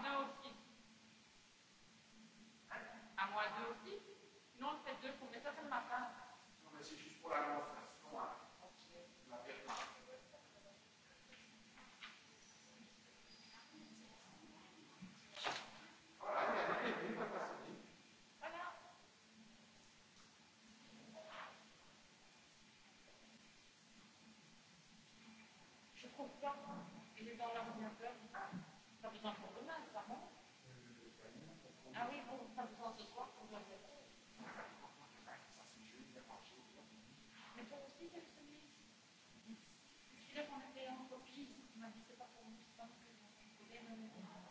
moi aussi. À moi aussi Non, c'est deux pour ça le matin. Non, mais c'est juste pour la Je trouve Il est dans l'ordinateur. Υπότιτλοι AUTHORWAVE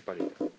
municipalidad.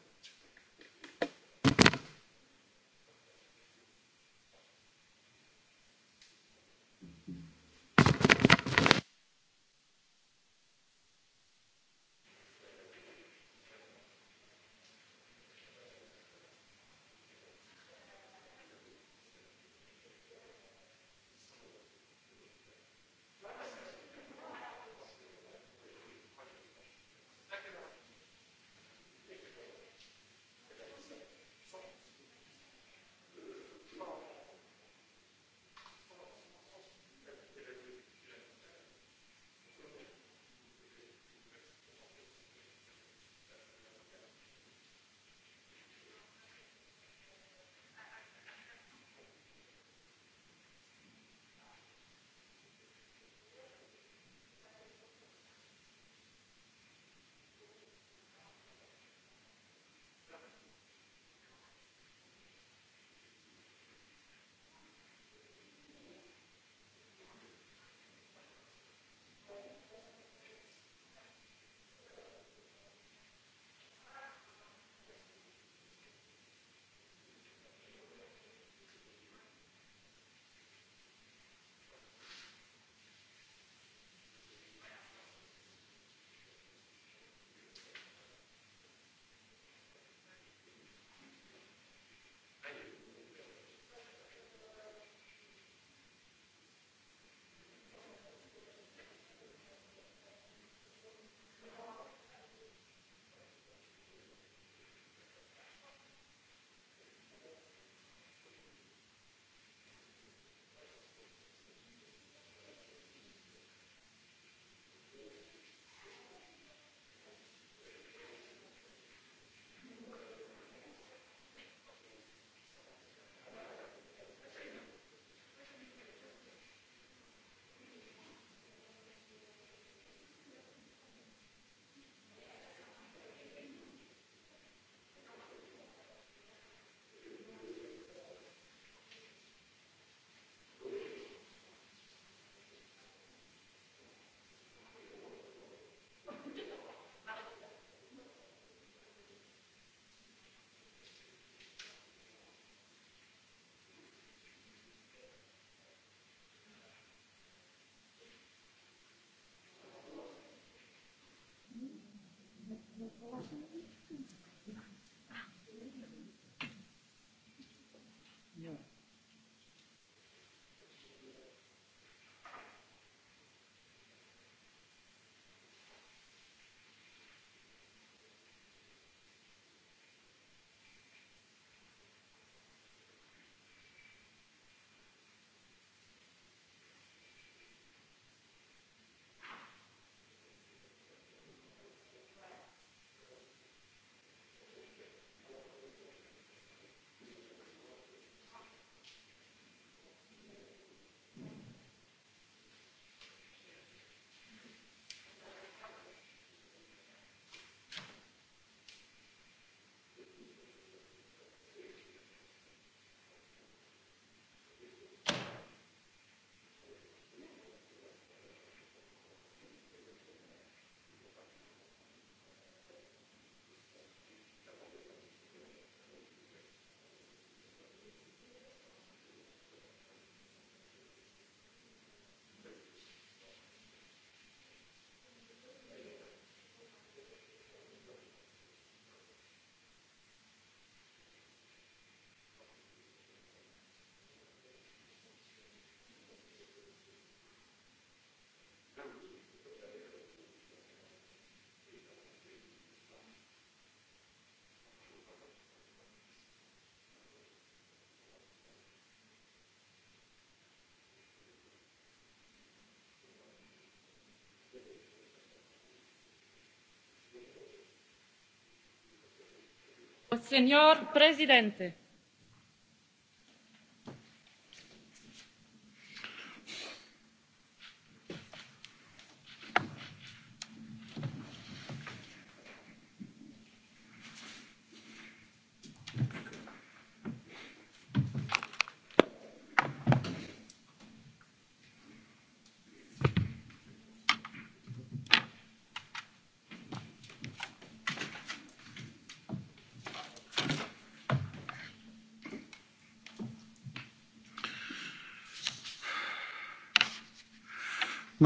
señor presidente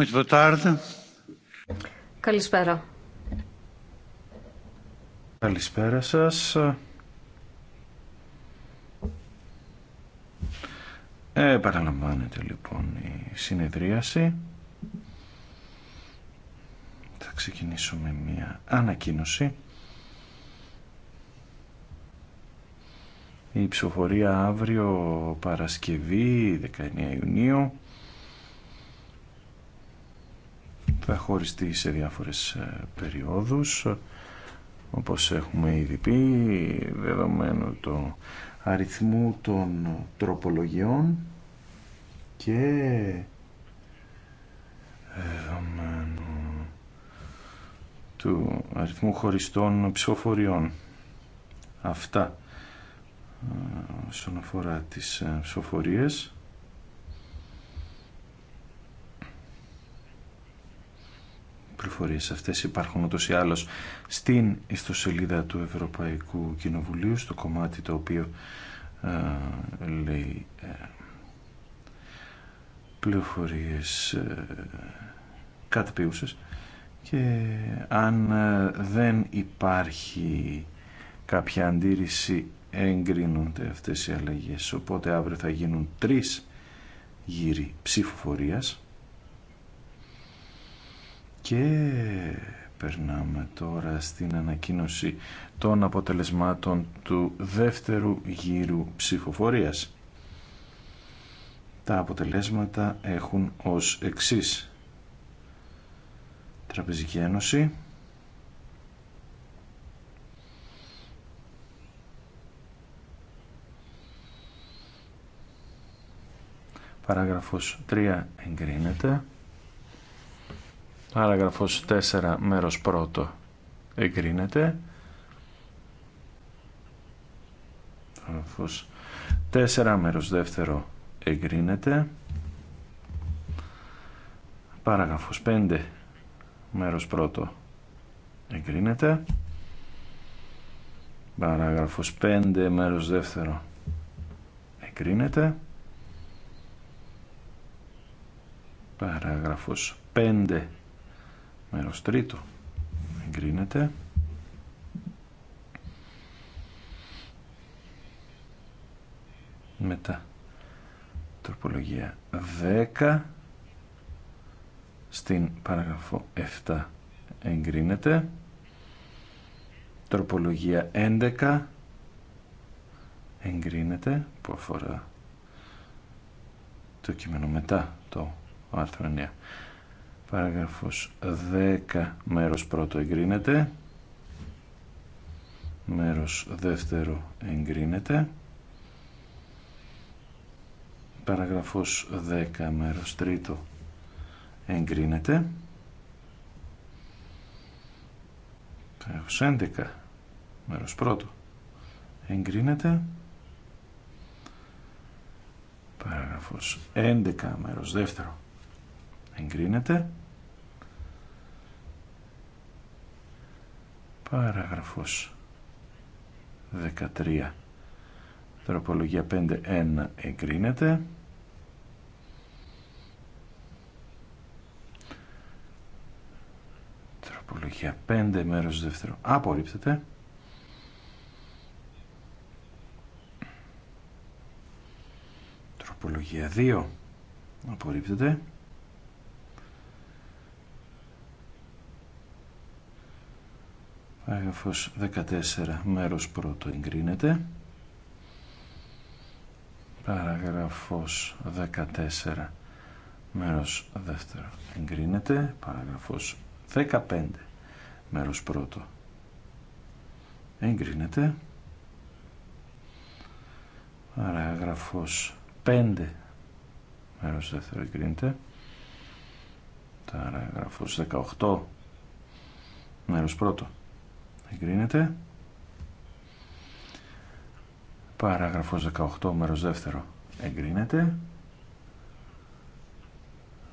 Καλησπέρα. Καλησπέρα σας. Ε, παραλαμβάνεται λοιπόν η συνεδρίαση. Θα ξεκινήσουμε μια ανακοίνωση. Η ψηφοφορία αύριο Παρασκευή 19 Ιουνίου χωριστεί σε διάφορες ε, περιόδους όπως έχουμε ήδη πει δεδομένου το αριθμού των τροπολογιών και δεδομένου του αριθμού χωριστών ψηφοφοριών αυτά ε, όσον αφορά τις ε, ψηφοφορίες πληροφορίες αυτές υπάρχουν ούτως ή άλλως στην ιστοσελίδα του Ευρωπαϊκού Κοινοβουλίου, στο κομμάτι το οποίο ε, λέει πληροφορίε πληροφορίες ε, και αν ε, δεν υπάρχει κάποια αντίρρηση εγκρίνονται αυτές οι αλλαγές οπότε αύριο θα γίνουν τρεις γύροι ψηφοφορίας και περνάμε τώρα στην ανακοίνωση των αποτελεσμάτων του δεύτερου γύρου ψηφοφορίας. Τα αποτελέσματα έχουν ως εξής. Τραπεζική Ένωση. Παράγραφος 3 εγκρίνεται. Παραγραφός 4 μέρος 1 εγκρίνεται. Παραγραφός 4 μέρος 2 εγκρίνεται. Παραγραφός 5 μέρος 1 εγκρίνεται. Παράγραφος 5 μέρος 2 εγκρίνεται. Παράγραφος 5 μέρος τρίτο εγκρίνεται μετά τροπολογία 10 στην παραγραφό 7 εγκρίνεται τροπολογία 11 εγκρίνεται που αφορά το κείμενο μετά το άρθρο 9 Παράγραφος 10 μέρος πρώτο εγκρίνεται. Μέρος δεύτερο εγκρίνεται. Παραγραφός 10 μέρος τρίτο εγκρίνεται. Παραγραφός 11 μέρος πρώτο εγκρίνεται. Παράγραφος 11 μέρος δεύτερο εγκρίνεται. Παράγραφος 13. Τροπολογία 5.1 εγκρίνεται. Τροπολογία 5 μέρος δεύτερο απορρίπτεται. Τροπολογία 2 απορρίπτεται. Άγραφος 14 μέρος πρώτο εγκρίνεται. Παραγραφός 14 μέρος δεύτερο εγκρίνεται. Παραγραφός 15 μέρος πρώτο εγκρίνεται. Παραγραφός 5 μέρος δεύτερο εγκρίνεται. Παραγραφός 18 μέρος πρώτο Εγκρίνεται. Παράγραφος 18 μέρος δεύτερο. Εγκρίνεται.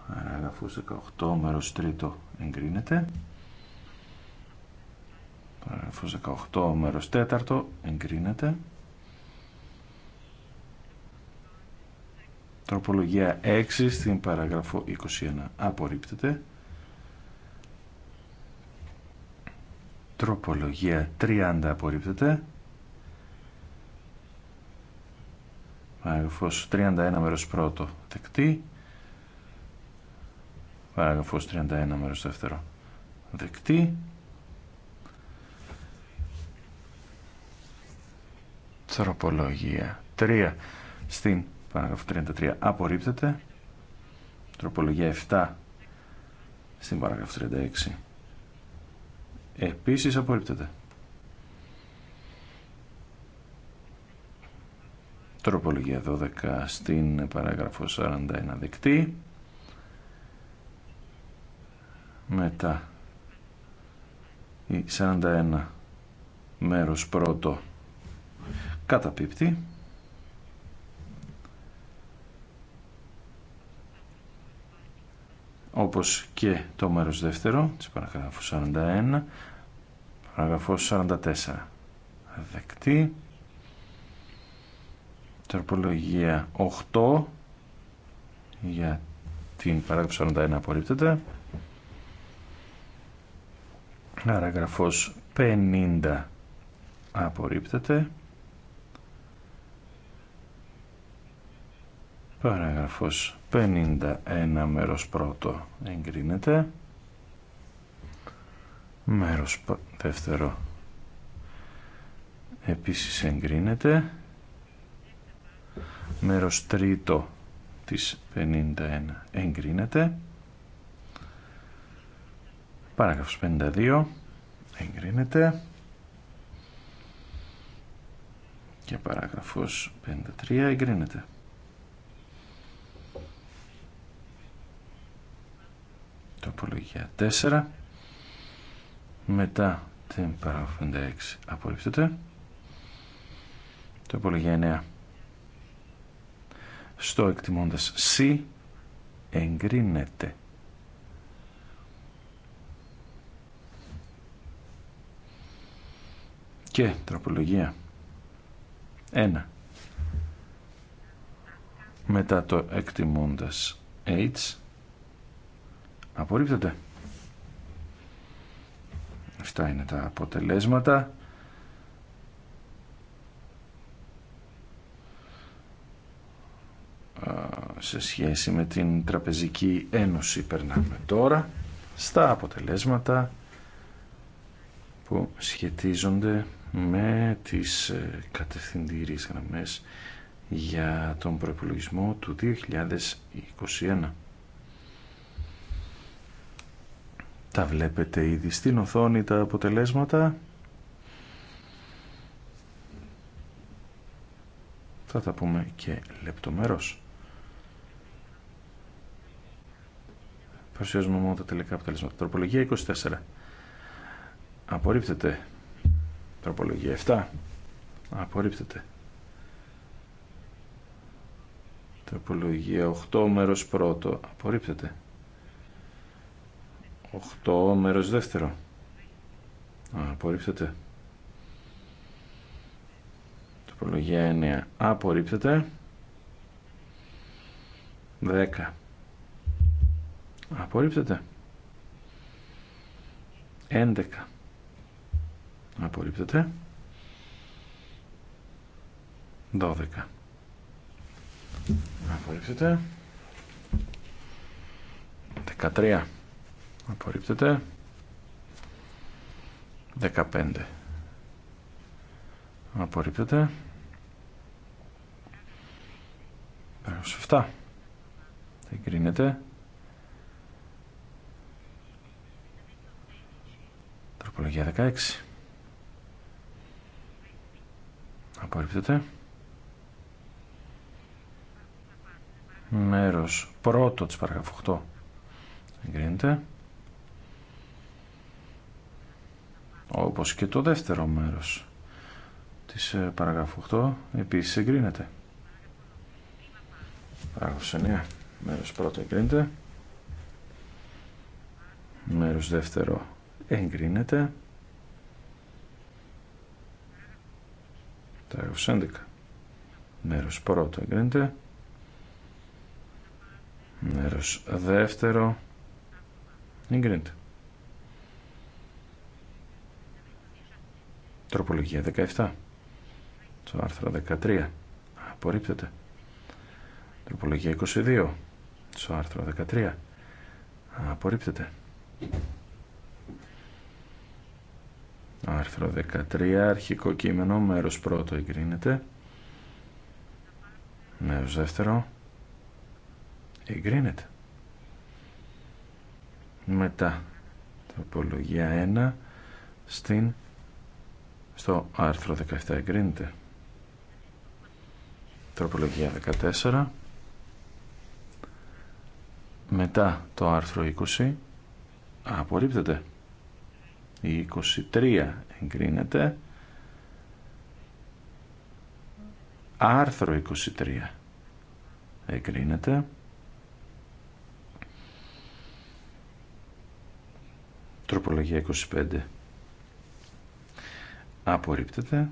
Παράγραφος 18 μέρος τρίτο. Εγκρίνεται. Παράγραφος 18 μέρος τέταρτο. Εγκρίνεται. Τροπολογία 6 στην παράγραφο 21 απορρίπτεται. Τροπολογία 30 απορρίπτεται. Παράγραφος 31 μέρος πρώτο δεκτή. Παράγραφος 31 μέρος δεύτερο δεκτή. Τροπολογία 3 στην παράγραφο 33 απορρίπτεται. Τροπολογία 7 στην παράγραφο 36 Επίσης απορρίπτεται. Τροπολογία 12 στην παράγραφο 41 δεκτή. Μετά η 41 μέρος πρώτο καταπίπτει. όπως και το μέρος δεύτερο της παραγράφου 41 παραγραφός 44 δεκτή τροπολογία 8 για την παράγραφο 41 απορρίπτεται παραγραφός 50 απορρίπτεται παραγραφός 51 μέρος πρώτο εγκρίνεται. Μέρος δεύτερο επίσης εγκρίνεται. Μέρος τρίτο της 51 εγκρίνεται. Παράγραφος 52 εγκρίνεται. Και παράγραφος 53 εγκρίνεται. Τροπολογία 4. Μετά την παραγωγή 56 το Τροπολογία 9. Στο εκτιμώντας C εγκρίνεται. Και τροπολογία 1. Μετά το εκτιμώντας H Απορρίπτεται. Αυτά είναι τα αποτελέσματα. σε σχέση με την Τραπεζική Ένωση περνάμε τώρα στα αποτελέσματα που σχετίζονται με τις ε, κατευθυντήριες γραμμές για τον προεπιλογισμό του 2021. Τα βλέπετε ήδη στην οθόνη τα αποτελέσματα. Θα τα πούμε και λεπτομερώς. Παρουσιάζουμε μόνο τα τελικά αποτελέσματα. Τροπολογία 24. Απορρίπτεται. Τροπολογία 7. Απορρίπτεται. Τροπολογία 8 μέρος πρώτο. Απορρίπτεται. 8 μέρος δεύτερο. Α, απορρίπτεται. τοπολογία 9. Απορρίπτεται. 10. Απορρίπτεται. 11. Απορρίπτεται. 12. Απορρίπτεται. 13. Απορρίπτεται. 15. Απορρίπτεται. 7. Δεν κρίνεται. Τροπολογία 16. Απορρίπτεται. Μέρος πρώτο της παραγραφού 8. Εγκρίνεται. όπως και το δεύτερο μέρος της ε, παραγράφου 8 επίσης εγκρίνεται παράγραφος 9 μέρος πρώτο εγκρίνεται μέρος δεύτερο εγκρίνεται παράγραφος 11 μέρος πρώτο εγκρίνεται μέρος δεύτερο εγκρίνεται Τροπολογία 17. Το άρθρο 13. Απορρίπτεται. Τροπολογία 22. Στο άρθρο 13. Απορρίπτεται. Άρθρο 13. Αρχικό κείμενο. Μέρος πρώτο εγκρίνεται. Μέρος δεύτερο. Εγκρίνεται. Μετά. Τροπολογία 1. Στην στο άρθρο 17 εγκρίνεται τροπολογία 14 μετά το άρθρο 20 απορρίπτεται η 23 εγκρίνεται άρθρο 23 εγκρίνεται τροπολογία 25 απορρίπτεται.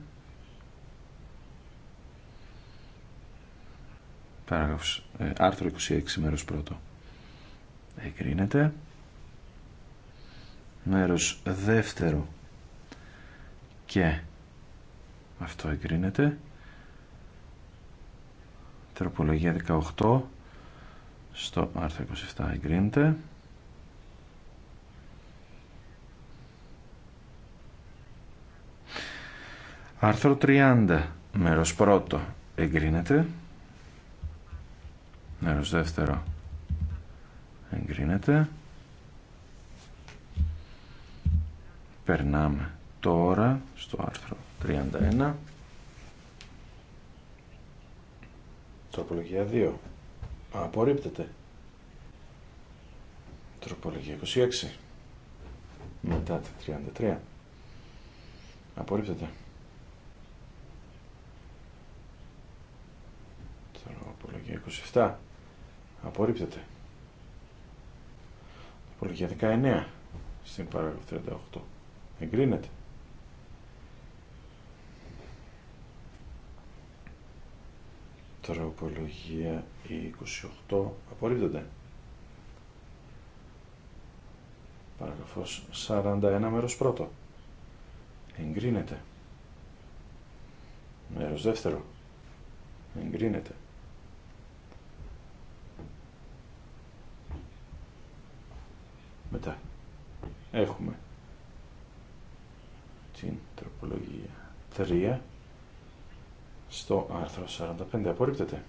Παράγραφος, ε, άρθρο 26 μέρος πρώτο εγκρίνεται. Μέρος δεύτερο και αυτό εγκρίνεται. Τροπολογία 18 στο άρθρο 27 εγκρίνεται. Άρθρο 30, μέρος πρώτο, εγκρίνεται. Μέρος δεύτερο, εγκρίνεται. Περνάμε τώρα στο άρθρο 31. Τροπολογία 2. Απορρίπτεται. Τροπολογία 26. Μετά τη 33. Απορρίπτεται. Τροπολογία 27. Απορρίπτεται. Τροπολογία 19. Στην παράγραφο 38. Εγκρίνεται. Τροπολογία 28. Απορρίπτεται. Παραγραφός 41 μέρος πρώτο. Εγκρίνεται. Μέρος δεύτερο. Εγκρίνεται. Μετά έχουμε την τροπολογία 3 στο άρθρο 45. Απορρίπτεται.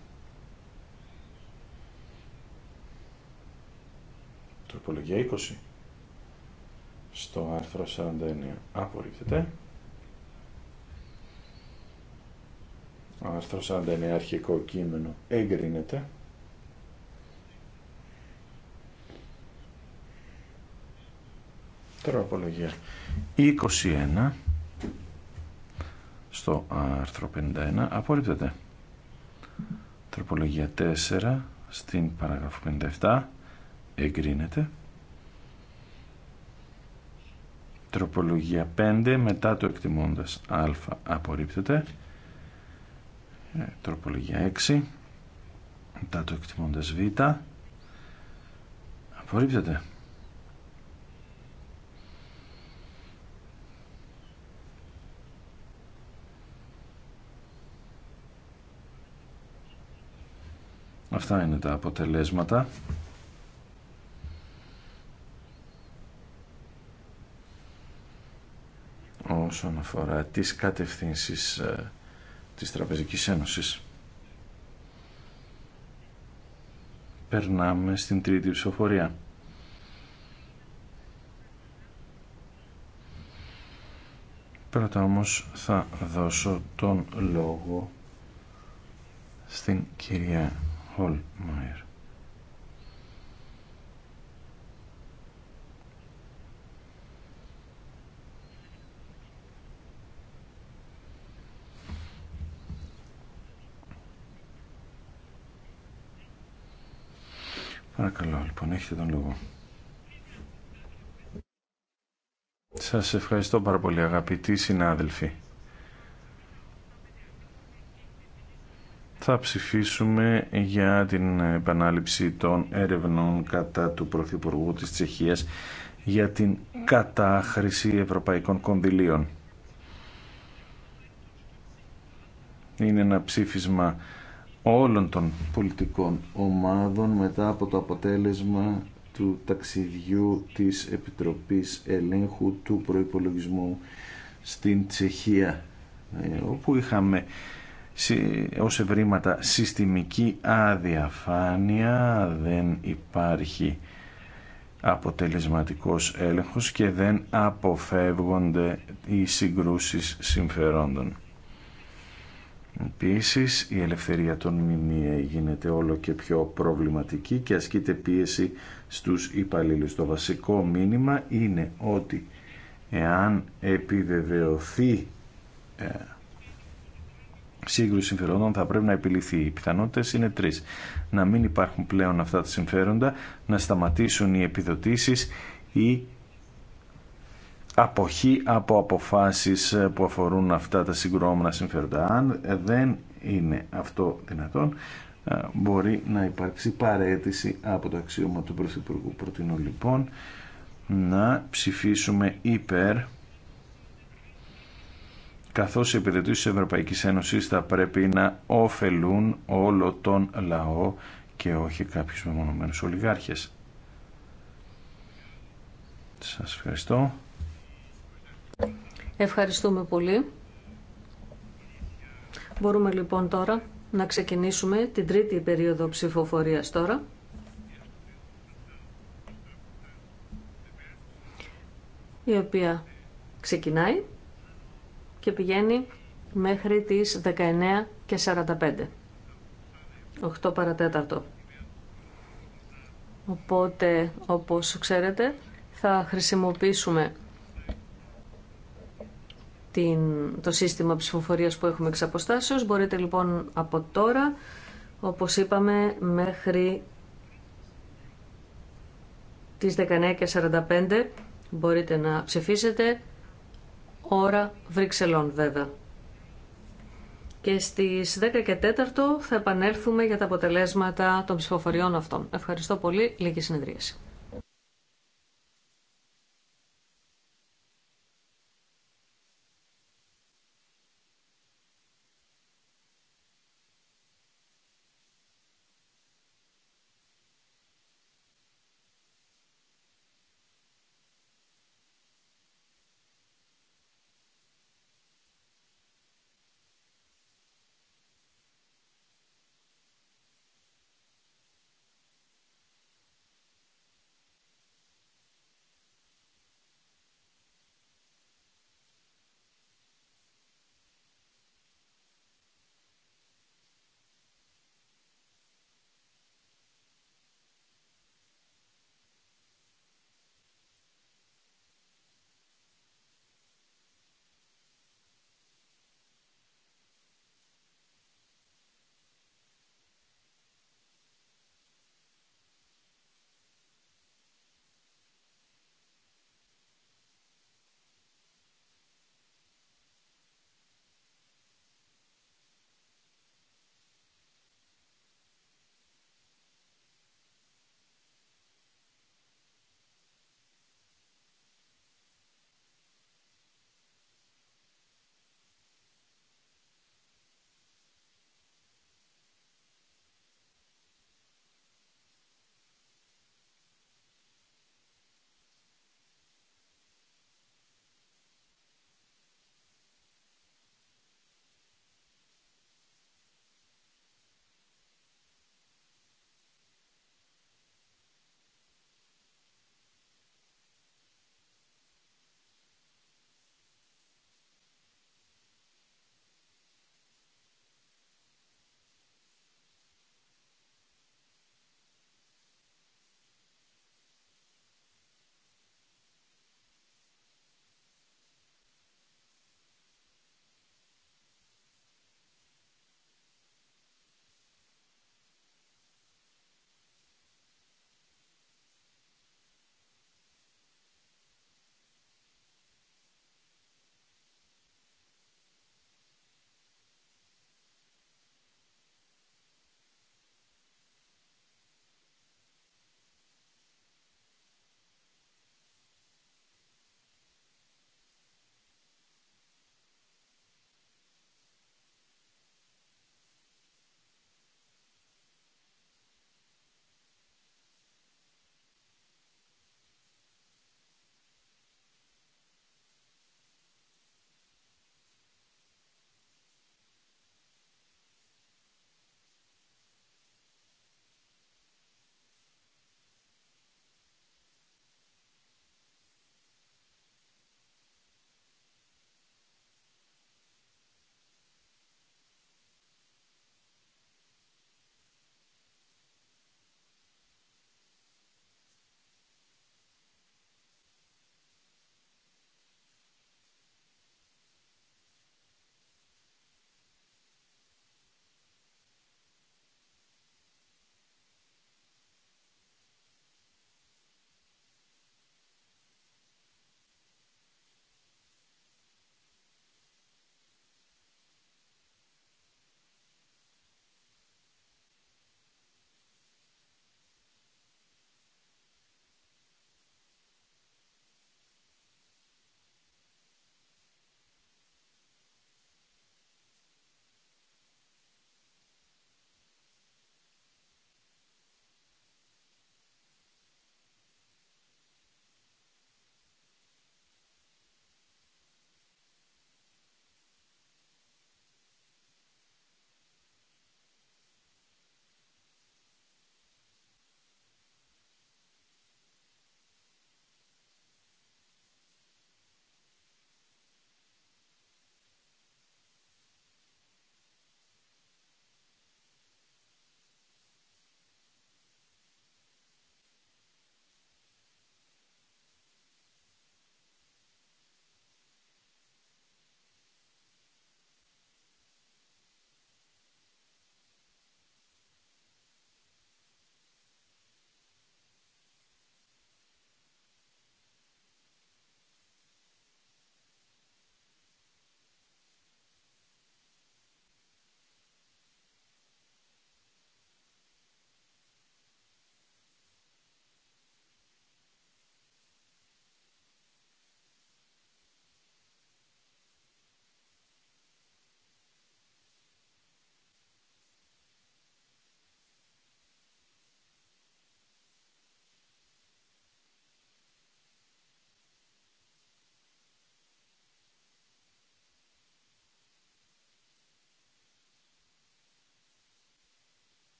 Τροπολογία 20 στο άρθρο 49. Απορρίπτεται. άρθρο 49 αρχικό κείμενο εγκρίνεται. Τροπολογία. 21 στο άρθρο 51 απορρίπτεται. Τροπολογία 4 στην παράγραφο 57 εγκρίνεται. Τροπολογία 5 μετά το εκτιμώντας α απορρίπτεται. Ε, τροπολογία 6 μετά το εκτιμώντας β απορρίπτεται. Αυτά είναι τα αποτελέσματα. όσον αφορά τις κατευθύνσεις ε, της Τραπεζικής Ένωσης. Περνάμε στην τρίτη ψηφοφορία. Πρώτα όμως θα δώσω τον λόγο στην κυρία Χολμάιερ. Παρακαλώ, λοιπόν, έχετε τον λόγο. Σας ευχαριστώ πάρα πολύ αγαπητοί συνάδελφοι. θα ψηφίσουμε για την επανάληψη των έρευνων κατά του Πρωθυπουργού της Τσεχίας για την κατάχρηση ευρωπαϊκών κονδυλίων. Είναι ένα ψήφισμα όλων των πολιτικών ομάδων μετά από το αποτέλεσμα του ταξιδιού της Επιτροπής Ελέγχου του Προϋπολογισμού στην Τσεχία ε, όπου είχαμε ως ευρήματα συστημική αδιαφάνεια δεν υπάρχει αποτελεσματικός έλεγχος και δεν αποφεύγονται οι συγκρούσεις συμφερόντων. Επίσης, η ελευθερία των μνημεία γίνεται όλο και πιο προβληματική και ασκείται πίεση στους υπαλλήλους. Το βασικό μήνυμα είναι ότι εάν επιβεβαιωθεί ε, σύγκρουση συμφερόντων θα πρέπει να επιληθεί. Οι πιθανότητε είναι τρει. Να μην υπάρχουν πλέον αυτά τα συμφέροντα, να σταματήσουν οι επιδοτήσει ή αποχή από αποφάσεις που αφορούν αυτά τα συγκρόμενα συμφέροντα. Αν δεν είναι αυτό δυνατόν, ε, μπορεί να υπάρξει παρέτηση από το αξίωμα του Πρωθυπουργού. Προτείνω λοιπόν να ψηφίσουμε υπέρ καθώς οι επιδετήσεις της Ευρωπαϊκής Ένωσης θα πρέπει να ωφελούν όλο τον λαό και όχι κάποιους μεμονωμένους ολιγάρχες. Σας ευχαριστώ. Ευχαριστούμε πολύ. Μπορούμε λοιπόν τώρα να ξεκινήσουμε την τρίτη περίοδο ψηφοφορίας τώρα. η οποία ξεκινάει και πηγαίνει μέχρι τις 19 και 45. 8 παρατέταρτο. Οπότε, όπως ξέρετε, θα χρησιμοποιήσουμε το σύστημα ψηφοφορίας που έχουμε εξ αποστάσεως. Μπορείτε λοιπόν από τώρα, όπως είπαμε, μέχρι τις 19.45 μπορείτε να ψηφίσετε ώρα Βρυξελών βέβαια. Και στις 10 και 4 θα επανέλθουμε για τα αποτελέσματα των ψηφοφοριών αυτών. Ευχαριστώ πολύ. Λίγη συνεδρίαση.